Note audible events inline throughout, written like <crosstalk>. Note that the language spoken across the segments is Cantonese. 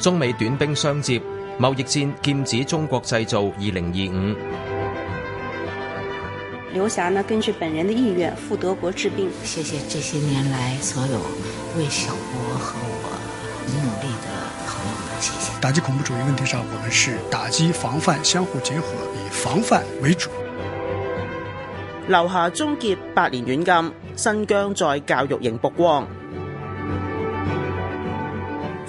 中美短兵相接，貿易戰劍指中國製造二零二五。劉霞呢？根據本人的意願赴德國治病。謝謝這些年來所有為小波和我努力的朋友們，謝謝。打擊恐怖主義問題上，我們是打擊防範相互結合，以防範為主。劉霞終結八年軟禁，新疆再教育營曝光。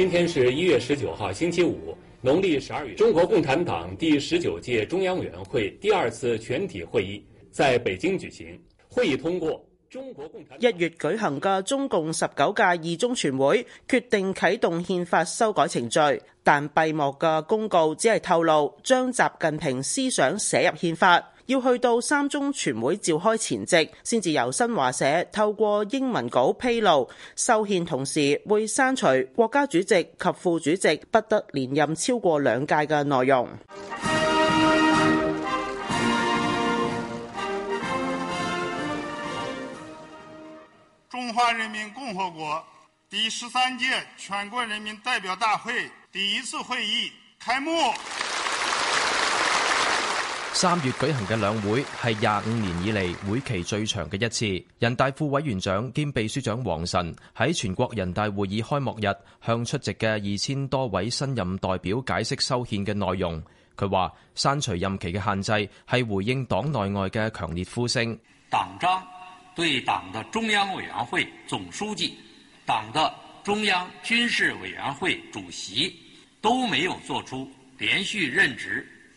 今天是一月十九號星期五，農曆十二月。中國共產黨第十九屆中央委員會第二次全體會議在北京舉行。會議通過中國共產黨。一月舉行嘅中共十九屆二中全會決定啟動憲法修改程序，但閉幕嘅公告只係透露將習近平思想寫入憲法。要去到三中全會召開前夕，先至由新華社透過英文稿披露，修憲同時會刪除國家主席及副主席不得連任超過兩屆嘅內容。中華人民共和國第十三屆全國人民代表大會第一次會議開幕。三月舉行嘅兩會係廿五年以嚟會期最長嘅一次。人大副委員長兼秘書長王晨喺全國人大會議開幕日向出席嘅二千多位新任代表解釋修憲嘅內容。佢話刪除任期嘅限制係回應黨內外嘅強烈呼聲。黨章對黨的中央委員會總書記、黨的中央軍事委員會主席都沒有作出連續任職。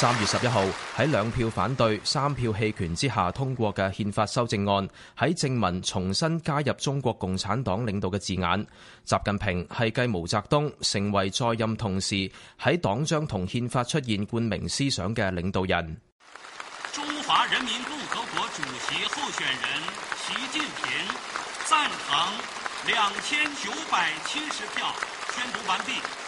三月十一號喺兩票反對、三票棄權之下通過嘅憲法修正案，喺正文重新加入中國共產黨領導嘅字眼。習近平係繼毛澤東成為在任同時喺黨章同憲法出現冠名思想嘅領導人。中華人民共和國主席候選人習近平，贊成兩千九百七十票，宣讀完畢。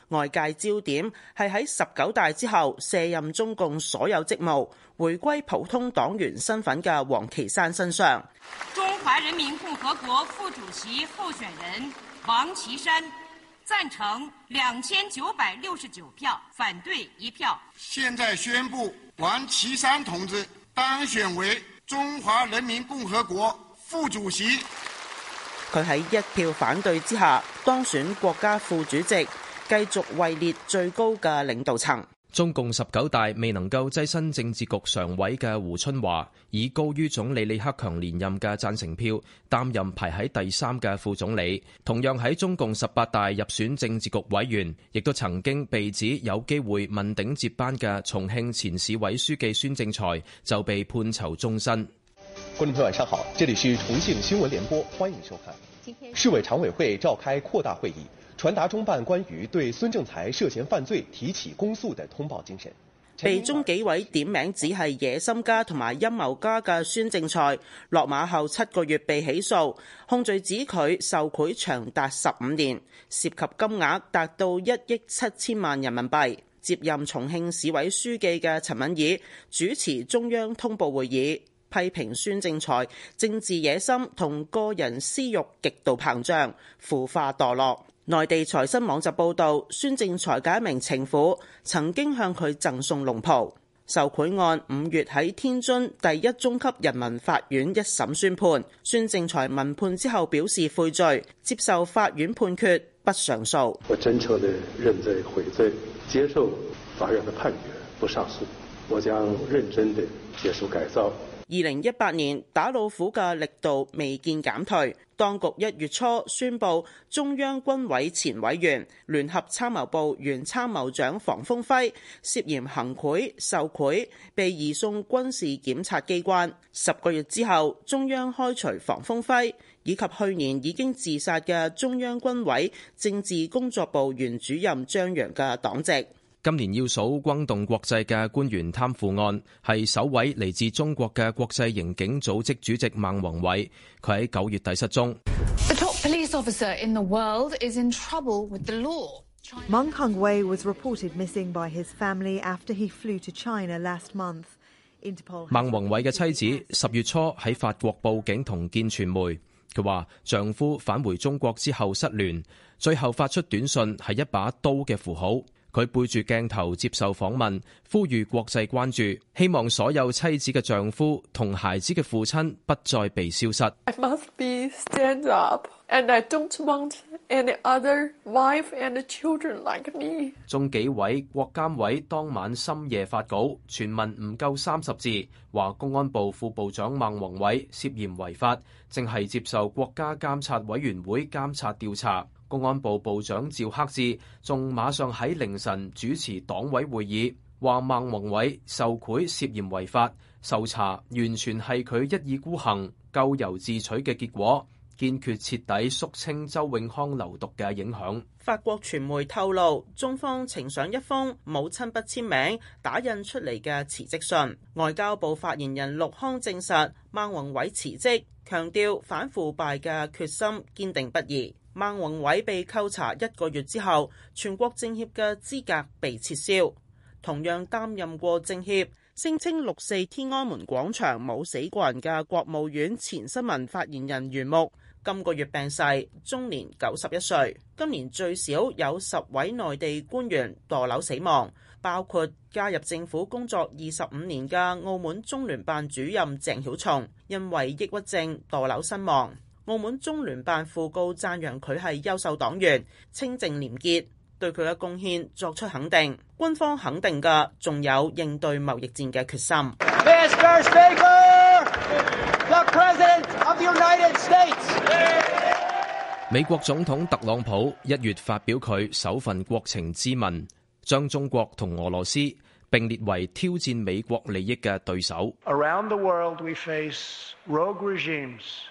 外界焦點係喺十九大之後卸任中共所有職務，回歸普通黨員身份嘅王岐山身上。中華人民共和國副主席候選人王岐山贊成兩千九百六十九票，反對一票。現在宣布，王岐山同志當選為中華人民共和國副主席。佢喺一票反對之下當選國家副主席。繼續位列最高嘅領導層。中共十九大未能夠躋身政治局常委嘅胡春華，以高於總理李克強連任嘅贊成票，擔任排喺第三嘅副總理。同樣喺中共十八大入選政治局委員，亦都曾經被指有機會問鼎接班嘅重慶前市委書記孫政才，就被判囚終身。觀眾朋友晚上好，這裏是重慶新聞聯播，歡迎收看。市委常委會召開擴大會議。傳達中辦關於對孫政才涉嫌犯罪提起公訴的通報精神。被中紀委點名指係野心家同埋陰謀家嘅孫政才落馬後七個月被起訴，控罪指佢受賄長達十五年，涉及金額達到一億七千萬人民幣。接任重慶市委書記嘅陳敏爾主持中央通報會議，批評孫政才政治野心同個人私欲極度膨脹，腐化墮落。內地財新網就報道，孫政才嘅一名情婦曾經向佢贈送龍袍。受賄案，五月喺天津第一中級人民法院一審宣判，孫政才聞判之後表示悔罪，接受法院判決，不上訴。我真誠的認罪悔罪，接受法院的判決，不上訴。我將認真的接受改造。二零一八年打老虎嘅力度未見減退，當局一月初宣布中央軍委前委員、聯合參謀部原參謀長房峰輝涉嫌行賄受賄，被移送軍事檢察機關。十個月之後，中央開除房峰輝以及去年已經自殺嘅中央軍委政治工作部原主任張陽嘅黨籍。今年要數轟動國際嘅官員貪腐案，係首位嚟自中國嘅國際刑警組織主席孟宏偉。佢喺九月底失蹤。孟宏偉被報道失蹤，孟宏偉嘅妻子十月初喺法國報警同見傳媒。佢話丈夫返回中國之後失聯，最後發出短信係一把刀嘅符號。佢背住鏡頭接受訪問，呼籲國際關注，希望所有妻子嘅丈夫同孩子嘅父親不再被消失。Up, like、中紀委、國監委當晚深夜發稿，全文唔夠三十字，話公安部副部長孟宏偉涉嫌違法，正係接受國家監察委員會監察調查。公安部部長趙克志仲馬上喺凌晨主持黨委會議，話孟宏偉受賄涉嫌違法，受查完全係佢一意孤行、咎由自取嘅結果，堅決徹底肅清周永康流毒嘅影響。法國傳媒透露，中方呈上一封冇親筆簽名、打印出嚟嘅辭職信。外交部發言人陸慷證實孟宏偉辭職，強調反腐敗嘅決心堅定不移。孟宏偉被扣查一個月之後，全國政協嘅資格被撤銷。同樣擔任過政協、聲稱六四天安門廣場冇死過人嘅國務院前新聞發言人袁木，今個月病逝，終年九十一歲。今年最少有十位內地官員墮樓死亡，包括加入政府工作二十五年嘅澳門中聯辦主任鄭曉松，因為抑鬱症墮樓身亡。澳門中聯辦副高讚揚佢係優秀黨員、清正廉潔，對佢嘅貢獻作出肯定。官方肯定嘅仲有應對貿易戰嘅決心。美國總統特朗普一月發表佢首份國情咨文，將中國同俄羅斯並列為挑戰美國利益嘅對手。Around the world we face rogue regimes.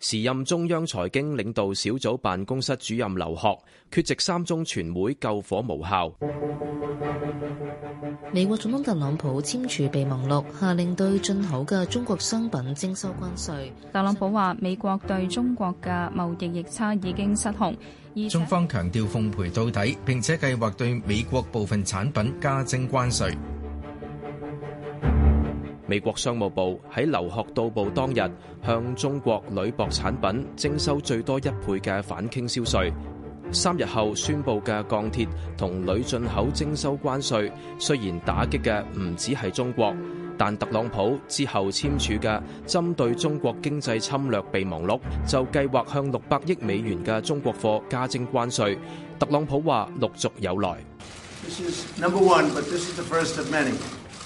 時任中央財經領導小組辦公室主任劉鶴缺席三中全會，救火無效。美國總統特朗普簽署備忘錄，下令對進口嘅中國商品徵收關稅。特朗普話，美國對中國嘅貿易逆差已經失控。中方強調奉陪到底，並且計劃對美國部分產品加徵關稅。美國商務部喺劉鶴到埗當日，向中國鋁箔產品徵收最多一倍嘅反傾銷稅。三日後宣佈嘅鋼鐵同鋁進口徵收關稅，雖然打擊嘅唔止係中國，但特朗普之後簽署嘅針對中國經濟侵略備忘錄，就計劃向六百億美元嘅中國貨加徵關稅。特朗普話陸續有來。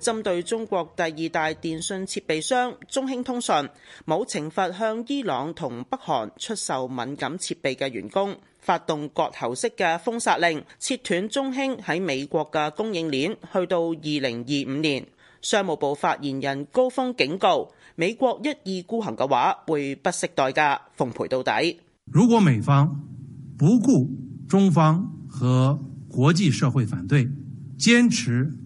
針對中國第二大電信設備商中興通訊，冇懲罰向伊朗同北韓出售敏感設備嘅員工，發動割喉式嘅封殺令，切斷中興喺美國嘅供應鏈，去到二零二五年。商務部發言人高峰警告：美國一意孤行嘅話，會不惜代價奉陪到底。如果美方不顧中方和國際社會反對，堅持。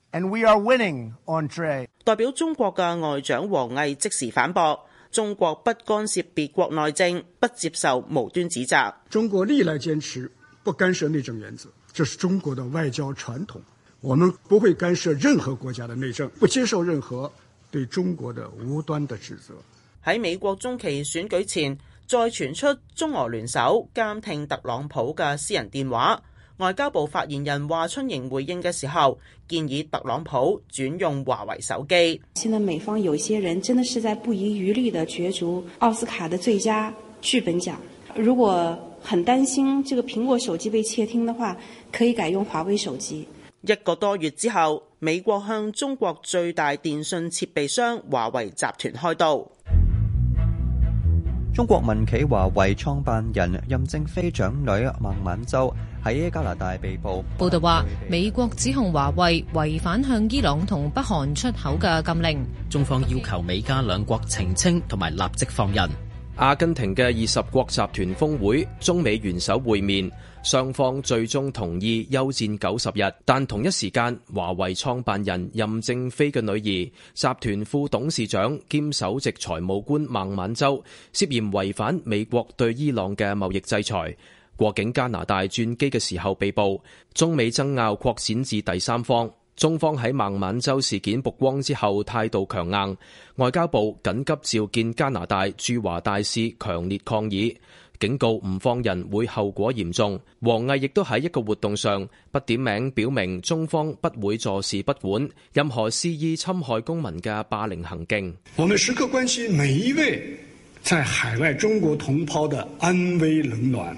And we are winning, Andre. 代表中國嘅外長王毅即時反駁：中國不干涉別國內政，不接受無端指責。中國歷來堅持不干涉內政原則，這是中國的外交傳統。我們不會干涉任何國家的內政，不接受任何對中國的無端的指責。喺美國中期選舉前，再傳出中俄聯手監聽特朗普嘅私人電話。外交部發言人華春瑩回應嘅時候，建議特朗普轉用華為手機。現在美方有些人真的是在不遺餘力的角逐奧斯卡的最佳劇本獎。如果很擔心這個蘋果手機被竊聽的話，可以改用華為手機。一個多月之後，美國向中國最大電訊設備商華為集團開刀。中國民企華為創辦人任正非長女孟晚舟，喺加拿大被捕。報道話，美國指控華為違反向伊朗同北韓出口嘅禁令。中方要求美加兩國澄清同埋立即放人。阿根廷嘅二十國集團峰會，中美元首會面，雙方最終同意休戰九十日，但同一時間，華為創辦人任正非嘅女兒、集團副董事長兼首席財務官孟晚舟涉嫌違反美國對伊朗嘅貿易制裁。過境加拿大轉機嘅時候被捕，中美爭拗擴展至第三方。中方喺孟晚舟事件曝光之後態度強硬，外交部緊急召見加拿大駐華大使，強烈抗議，警告唔放人會後果嚴重。王毅亦都喺一個活動上不點名表明，中方不會坐視不管，任何肆意侵害公民嘅霸凌行徑。我們時刻關心每一位在海外中國同胞的安危冷暖。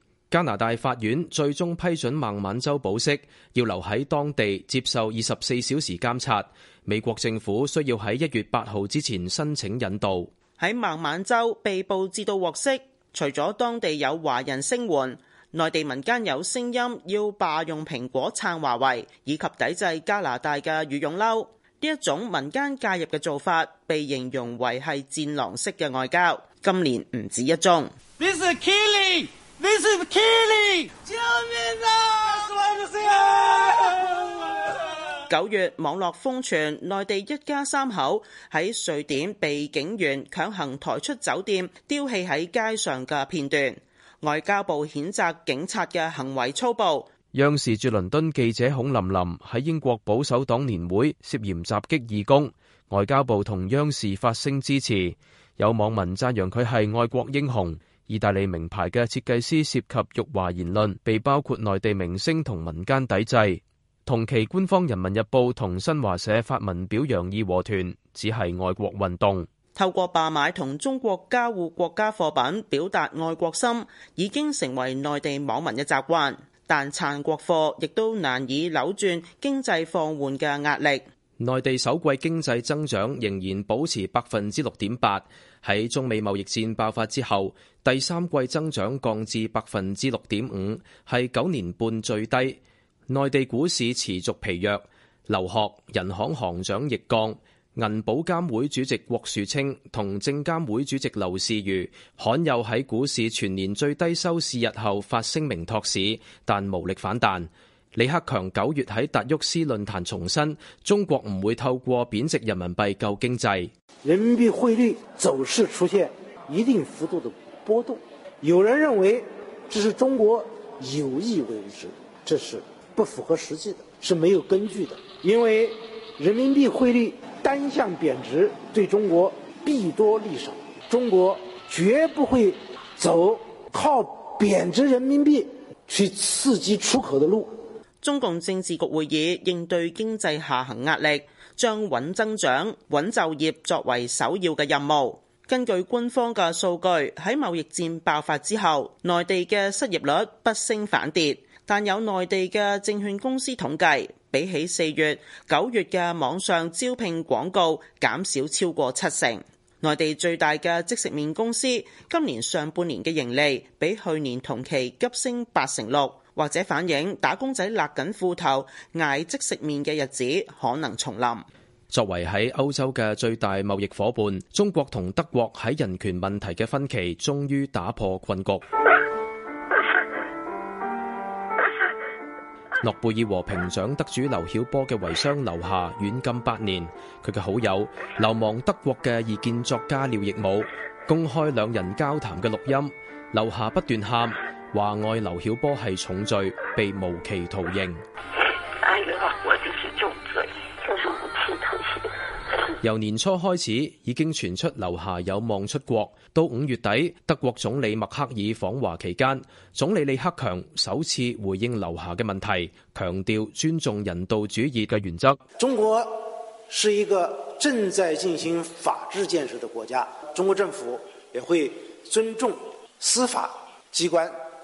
加拿大法院最終批准孟晚舟保釋，要留喺當地接受二十四小時監察。美國政府需要喺一月八號之前申請引渡。喺孟晚舟被捕至到獲釋，除咗當地有華人聲援，內地民間有聲音要罷用蘋果、撐華為以及抵制加拿大嘅羽絨褸。呢一種民間介入嘅做法，被形容為係戰狼式嘅外交。今年唔止一宗。This is Kelly. 九月，網絡瘋傳內地一家三口喺瑞典被警員強行抬出酒店，丟棄喺街上嘅片段。外交部譴責警察嘅行為粗暴。央視駐倫敦記者孔琳琳喺英國保守黨年會涉嫌襲擊義工，外交部同央視發聲支持。有網民讚揚佢係愛國英雄。意大利名牌嘅設計師涉及辱華言論，被包括內地明星同民間抵制。同期官方《人民日報》同新華社發文表揚義和團，只係外國運動。透過罷買同中國交惡國家貨品，表達愛國心，已經成為內地網民嘅習慣。但撐國貨亦都難以扭轉經濟放緩嘅壓力。內地首季經濟增長仍然保持百分之六點八，喺中美貿易戰爆發之後，第三季增長降至百分之六點五，係九年半最低。內地股市持續疲弱，劉鶴、人行行長易綱，銀保監會主席郭樹清同證監會主席劉士餘罕有喺股市全年最低收市日後發聲明托市，但無力反彈。李克強九月喺達沃斯論壇重申，中國唔會透過貶值人民幣救經濟。人民幣匯率走勢出現一定幅度的波動，有人認為這是中國有意為之，這是不符合實際的，是沒有根據的。因為人民幣匯率單向貶值對中國弊多利少，中國絕不會走靠貶值人民幣去刺激出口的路。中共政治局會議應對經濟下行壓力，將穩增長、穩就業作為首要嘅任務。根據官方嘅數據，喺貿易戰爆發之後，內地嘅失業率不升反跌。但有內地嘅證券公司統計，比起四月、九月嘅網上招聘廣告減少超過七成。內地最大嘅即食麵公司今年上半年嘅盈利比去年同期急升八成六。或者反映打工仔勒緊褲頭挨即食麵嘅日子可能重臨。作為喺歐洲嘅最大貿易夥伴，中國同德國喺人權問題嘅分歧終於打破困局。諾貝爾和平獎得主劉曉波嘅遺孀劉霞軟禁八年，佢嘅好友流亡德國嘅異見作家廖亦武公開兩人交談嘅錄音，劉霞不斷喊。話愛劉曉波係重罪，被無期徒刑。哎、 <laughs> 由年初開始，已經傳出劉霞有望出國。到五月底，德國總理默克爾訪華期間，總理李克強首次回應劉霞嘅問題，強調尊重人道主義嘅原則。中國是一個正在進行法治建設的國家，中國政府也會尊重司法機關，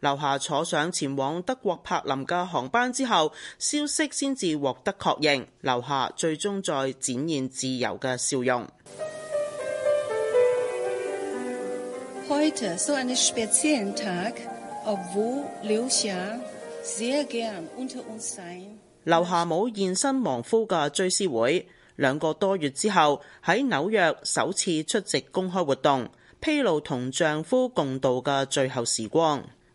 劉霞坐上前往德國柏林嘅航班之後，消息先至獲得確認。劉霞最終再展現自由嘅笑容。劉霞冇現身亡夫嘅追思會，兩個多月之後喺紐約首次出席公開活動，披露同丈夫共度嘅最後時光。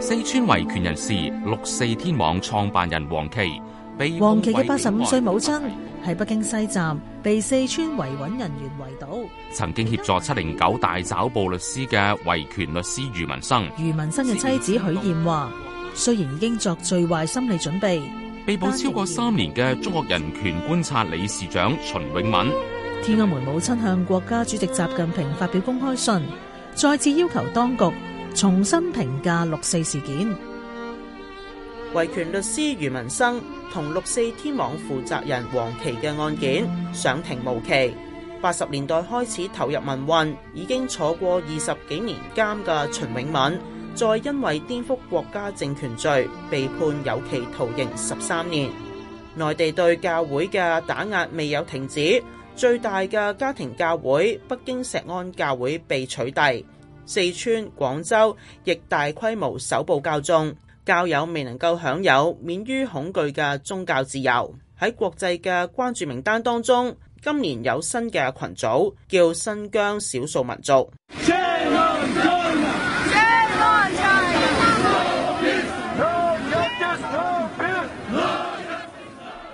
四川維權人士六四天網創辦人黃琦，被，黃琦嘅八十五歲母親喺北京西站被四川維穩人員圍堵。曾經協助七零九大抓捕律師嘅維權律師余文生，余文生嘅妻子許艷華雖然已經作最壞心理準備，被捕超過三年嘅中國人權觀察理事長秦永敏，天安門母親向國家主席習近平發表公開信，再次要求當局。重新評價六四事件，維權律師余文生同六四天網負責人黃琦嘅案件上庭無期。八十年代開始投入民運，已經坐過二十幾年監嘅秦永敏，再因為顛覆國家政權罪被判有期徒刑十三年。內地對教會嘅打壓未有停止，最大嘅家庭教會北京石安教會被取締。四川、廣州亦大規模搜捕教眾，教友未能夠享有免於恐懼嘅宗教自由。喺國際嘅關注名單當中，今年有新嘅群組叫新疆少數民族。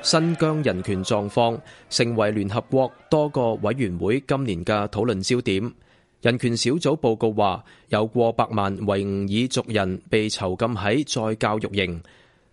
新疆人權狀況成為聯合國多個委員會今年嘅討論焦點。人權小組報告話，有過百萬維吾爾族人被囚禁喺再教育營。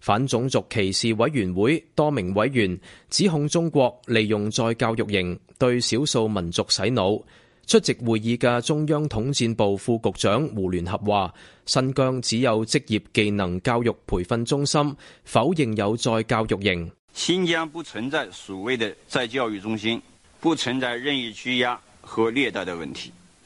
反種族歧視委員會多名委員指控中國利用再教育營對少數民族洗腦。出席會議嘅中央統戰部副局長胡聯合話，新疆只有職業技能教育培訓中心，否認有再教育營。新疆不存在所謂的再教育中心，不存在任意拘押和虐待的問題。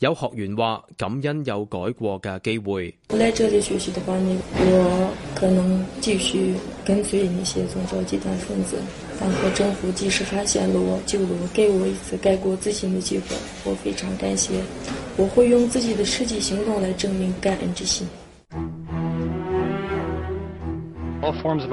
有學員話感恩有改過嘅機會。我來這裏學習的話呢，我可能繼續跟隨那些宗教極端分子，黨和政府及時發現了我，救了我，給我一次改過自新的機會，我非常感謝。我會用自己的實際行動來證明感恩之心。All forms of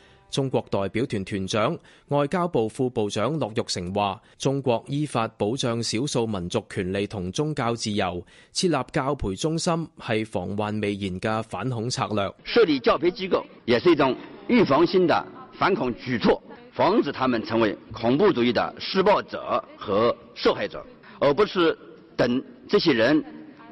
中國代表團團長、外交部副部長駱玉成話：中國依法保障少數民族權利同宗教自由，設立教培中心係防患未然嘅反恐策略。設立教培機構也是一種預防性的反恐舉措，防止他們成為恐怖主義的施暴者和受害者，而不是等這些人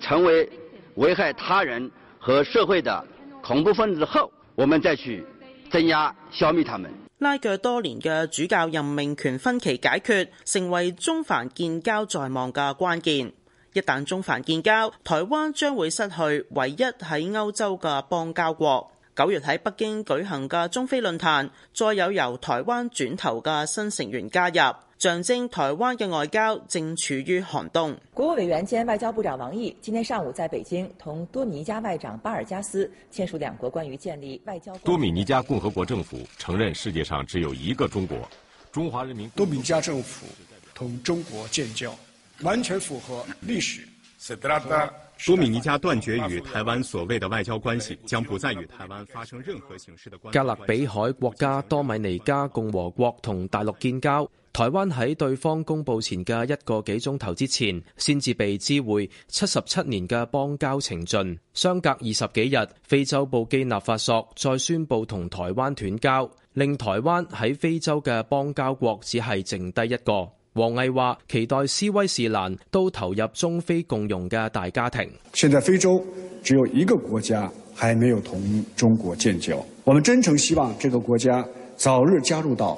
成為危害他人和社會的恐怖分子後，我們再去。鎮壓、消滅他們。拉鋸多年嘅主教任命權分歧解決成為中梵建交在望嘅關鍵。一旦中梵建交，台灣將會失去唯一喺歐洲嘅邦交國。九月喺北京舉行嘅中非論壇再有由台灣轉頭嘅新成員加入。象徵台灣嘅外交正處於寒冬。國務委員兼外交部長王毅今天上午在北京同多米尼加外長巴爾加斯簽署兩國關於建立外交。多米尼加共和國政府承認世界上只有一個中國，中華人民。多米尼加政府同中國建交，完全符合歷史。多米尼加斷絕與台灣所謂的外交關係，將不再與台灣發生任何形式的關係。加勒比海國家多米尼加共和國同大陸建交。台灣喺對方公布前嘅一個幾鐘頭之前，先至被知會七十七年嘅邦交情盡，相隔二十幾日，非洲布基納法索再宣布同台灣斷交，令台灣喺非洲嘅邦交國只係剩低一個。王毅話：期待斯威士蘭都投入中非共融嘅大家庭。現在非洲只有一個國家還沒有同中國建交，我們真誠希望這個國家早日加入到。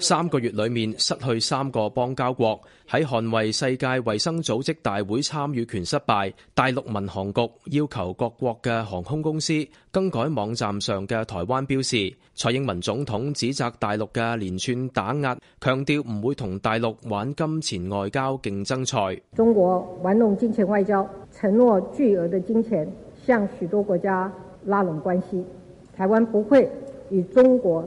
三個月裏面失去三個邦交國，喺捍衛世界衛生組織大會參與權失敗，大陸民航局要求各國嘅航空公司更改網站上嘅台灣標示。蔡英文總統指責大陸嘅連串打壓，強調唔會同大陸玩金錢外交競爭賽，中國玩弄金錢外交，承諾巨額嘅金錢向許多國家拉攏關係，台灣不會與中國。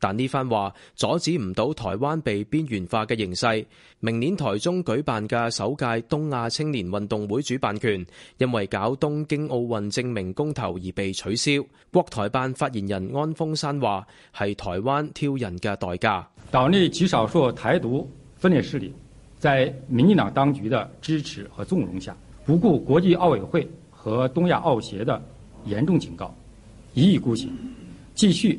但呢番話阻止唔到台灣被邊緣化嘅形勢。明年台中舉辦嘅首屆東亞青年運動會主辦權，因為搞東京奧運證明公投而被取消。國台辦發言人安峰山話：係台灣挑人嘅代價。島內極少數台獨分裂勢力，在民進黨當局的支持和縱容下，不顧國際奧委會和東亞奧協的嚴重警告，一意孤行，繼續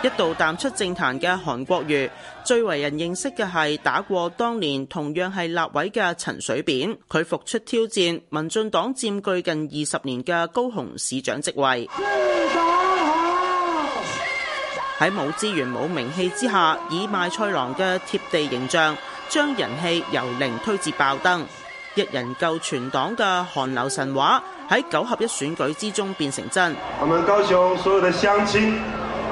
一度淡出政壇嘅韓國瑜，最為人認識嘅係打過當年同樣係立委嘅陳水扁。佢復出挑戰民進黨佔據近二十年嘅高雄市長職位。喺冇資源冇名氣之下，以賣菜郎嘅貼地形象，將人氣由零推至爆燈，一人救全黨嘅韓流神話喺九合一選舉之中變成真。我們高雄所有的鄉親。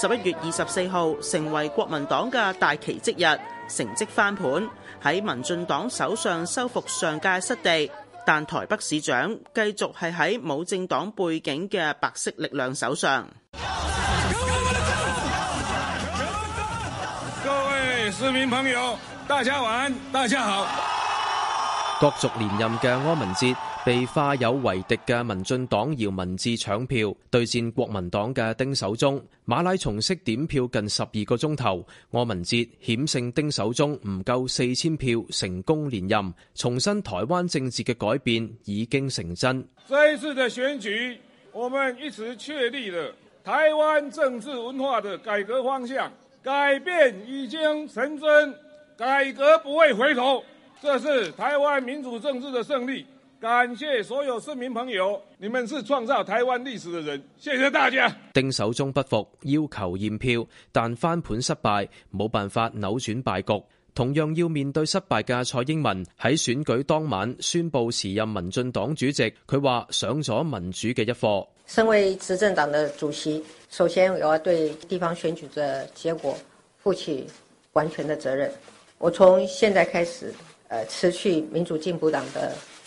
十一月二十四號成為國民黨嘅大奇蹟日，成績翻盤喺民進黨手上收復上屆失地，但台北市長繼續係喺冇政黨背景嘅白色力量手上。各位市民朋友，大家晚安，大家好。各族連任嘅柯文哲。被化有為敵嘅民進黨姚文智搶票，對戰國民黨嘅丁守中，馬拉松式點票近十二個鐘頭，柯文哲險勝丁守中，唔夠四千票成功連任，重申台灣政治嘅改變已經成真。這一次嘅選舉，我們一直確立了台灣政治文化的改革方向，改變已經成真，改革不會回頭，這是台灣民主政治嘅勝利。感謝所有市民朋友，你們是創造台灣歷史的人。謝謝大家。丁守中不服，要求驗票，但翻盤失敗，冇辦法扭轉敗局。同樣要面對失敗嘅蔡英文喺選舉當晚宣布辭任民進黨主席，佢話上咗民主嘅一課。身為執政黨的主席，首先我要對地方選舉嘅結果負起完全的責任。我從現在開始，呃，辭去民主進步黨的。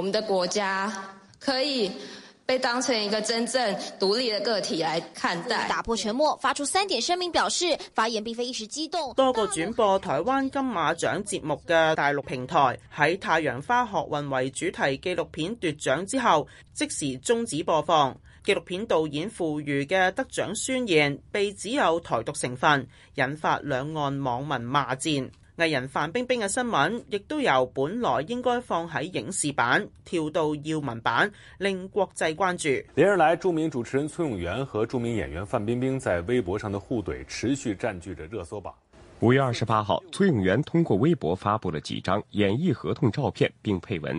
我們的國家可以被當成一個真正獨立的個體來看待。打破沉默，發出三點聲明，表示發言並非一時激動。多個轉播台灣金馬獎節目嘅大陸平台，喺《太陽花學運》為主題紀錄片奪獎之後，即時終止播放。紀錄片導演傅榆嘅得獎宣言被指有台獨成分，引發兩岸網民罵戰。藝人范冰冰嘅新聞，亦都由本來應該放喺影視版跳到要聞版，令國際關注。連日來，著名主持人崔永元和著名演員范冰冰在微博上的互懟持續佔據着熱搜榜。五月二十八號，崔永元通過微博發佈了幾張演藝合同照片，並配文。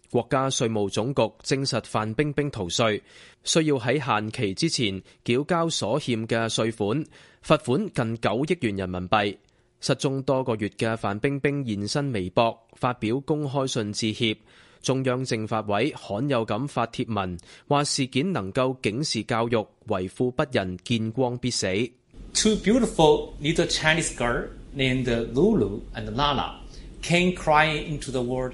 國家稅務總局證實范冰冰逃稅，需要喺限期之前繳交所欠嘅稅款，罰款近九億元人民幣。失蹤多個月嘅范冰冰現身微博，發表公開信致歉。中央政法委罕有咁發帖文，話事件能夠警示教育，為富不仁，見光必死。Two beautiful little Chinese girls named Lulu and Nana came crying into the world.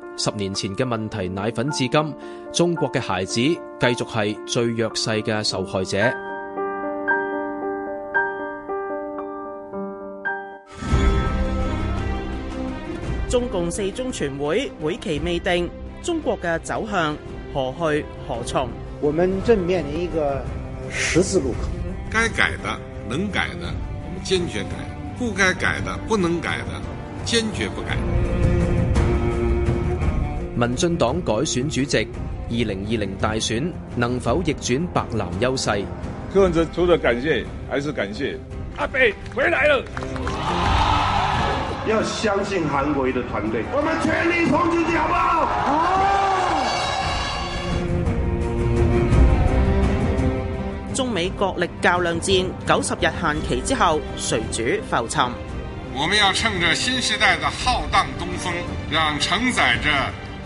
十年前嘅問題奶粉，至今中國嘅孩子繼續係最弱勢嘅受害者。中共四中全會會期未定，中國嘅走向何去何從？我們正面臨一個十字路口。該改的，能改的我們堅決改，不該改的，不能改的堅決不改。民進黨改選主席，二零二零大選能否逆轉白藍優勢？個人除了感謝，還是感謝，阿貝回來了。要相信韓國瑜的團隊，我們全力衝進去，好不好？好！中美國力較量戰九十日限期之後，誰主浮沉？我們要趁着新時代的浩蕩東風，讓承載着。